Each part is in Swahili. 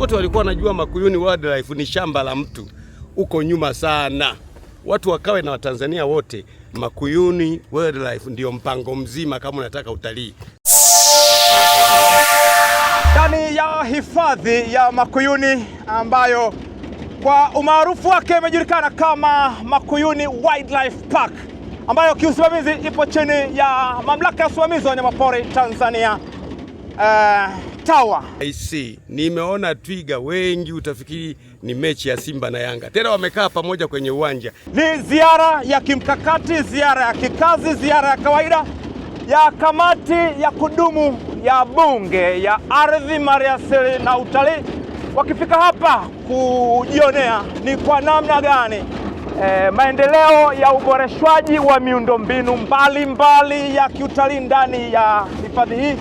watu wote walikuwa wanajua Makuyuni Wildlife ni shamba la mtu huko nyuma sana. Watu wakawe na Watanzania wote, Makuyuni Wildlife ndio mpango mzima kama unataka utalii. Ndani ya hifadhi ya Makuyuni ambayo kwa umaarufu wake imejulikana kama Makuyuni Wildlife Park ambayo kiusimamizi ipo chini ya mamlaka ya usimamizi wa wanyamapori Tanzania. Uh, Tawa. I see. Nimeona twiga wengi, utafikiri ni mechi ya Simba na Yanga, tena wamekaa pamoja kwenye uwanja. Ni ziara ya kimkakati, ziara ya kikazi, ziara ya kawaida ya kamati ya kudumu ya bunge ya ardhi, maliasili na utalii, wakifika hapa kujionea ni kwa namna gani E, maendeleo ya uboreshwaji wa miundombinu mbalimbali ya kiutalii ndani ya hifadhi hii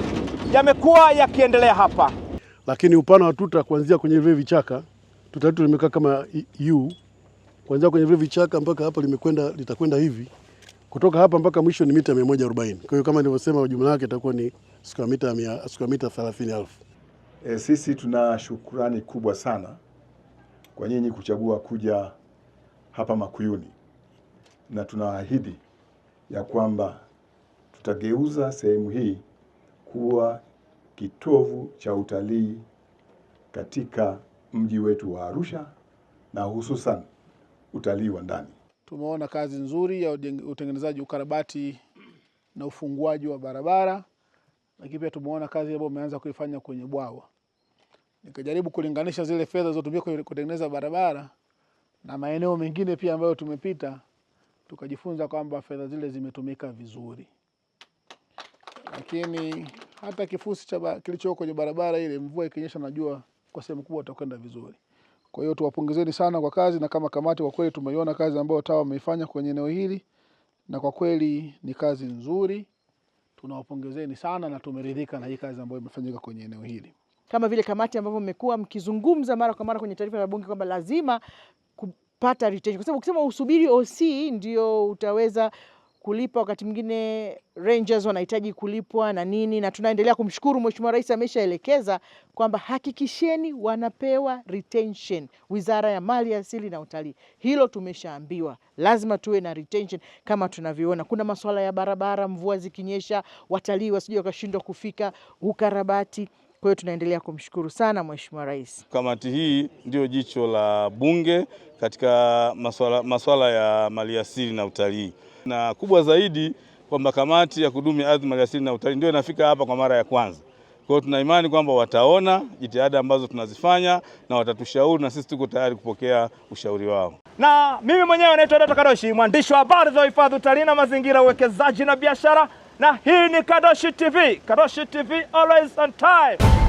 yamekuwa yakiendelea hapa, lakini upana wa tuta kuanzia kwenye vile vichaka, tuta letu limekaa kama u kuanzia kwenye vile vichaka mpaka hapa limekwenda litakwenda hivi, kutoka hapa mpaka mwisho ni mita 140. Kwa hiyo kama nilivyosema, jumla yake itakuwa ni square mita 100, mita 30000. E, sisi tuna shukrani kubwa sana kwa nyinyi kuchagua kuja hapa Makuyuni na tunaahidi ya kwamba tutageuza sehemu hii kuwa kitovu cha utalii katika mji wetu wa Arusha na hususan utalii wa ndani. Tumeona kazi nzuri ya utengenezaji, ukarabati na ufunguaji wa barabara, lakini pia tumeona kazi ambayo umeanza kuifanya kwenye bwawa. Nikajaribu kulinganisha zile fedha zilizotumika kutengeneza barabara na maeneo mengine pia ambayo tumepita, tukajifunza kwamba fedha zile zimetumika vizuri lakini hata kifusi kilichoko kwenye barabara ile, mvua ikinyesha, najua kwa sehemu kubwa watakwenda vizuri. Kwa hiyo tuwapongezeni sana kwa kazi, na kama kamati kwa kweli tumeiona kazi ambayo TAWA wameifanya kwenye eneo hili, na kwa kweli ni kazi nzuri, tunawapongezeni sana na tumeridhika na hii kazi ambayo imefanyika kwenye eneo hili. Kama vile kamati ambavyo mmekuwa mkizungumza mara kwa mara kwenye taarifa za Bunge kwamba lazima kupata retention, kwa sababu ukisema usubiri OC ndio utaweza kulipa, wakati mwingine Rangers wanahitaji kulipwa na nini, na tunaendelea kumshukuru Mheshimiwa Rais ameshaelekeza kwamba hakikisheni wanapewa retention, Wizara ya Mali Asili na Utalii. Hilo tumeshaambiwa, lazima tuwe na retention kama tunavyoona. Kuna masuala ya barabara, mvua zikinyesha watalii wasije wakashindwa kufika, ukarabati. Kwa hiyo tunaendelea kumshukuru sana Mheshimiwa Rais. Kamati hii ndio jicho la Bunge katika masuala, masuala ya maliasili na utalii na kubwa zaidi kwamba kamati ya kudumu ya ardhi, maliasili na utalii ndio inafika hapa kwa mara ya kwanza. Kwa hiyo tuna imani kwamba wataona jitihada ambazo tunazifanya na watatushauri, na sisi tuko tayari kupokea ushauri wao. Na mimi mwenyewe naitwa Dato Kadoshi, mwandishi wa habari za hifadhi, utalii na mazingira, uwekezaji na biashara, na hii ni Kadoshi TV. Kadoshi TV always on time.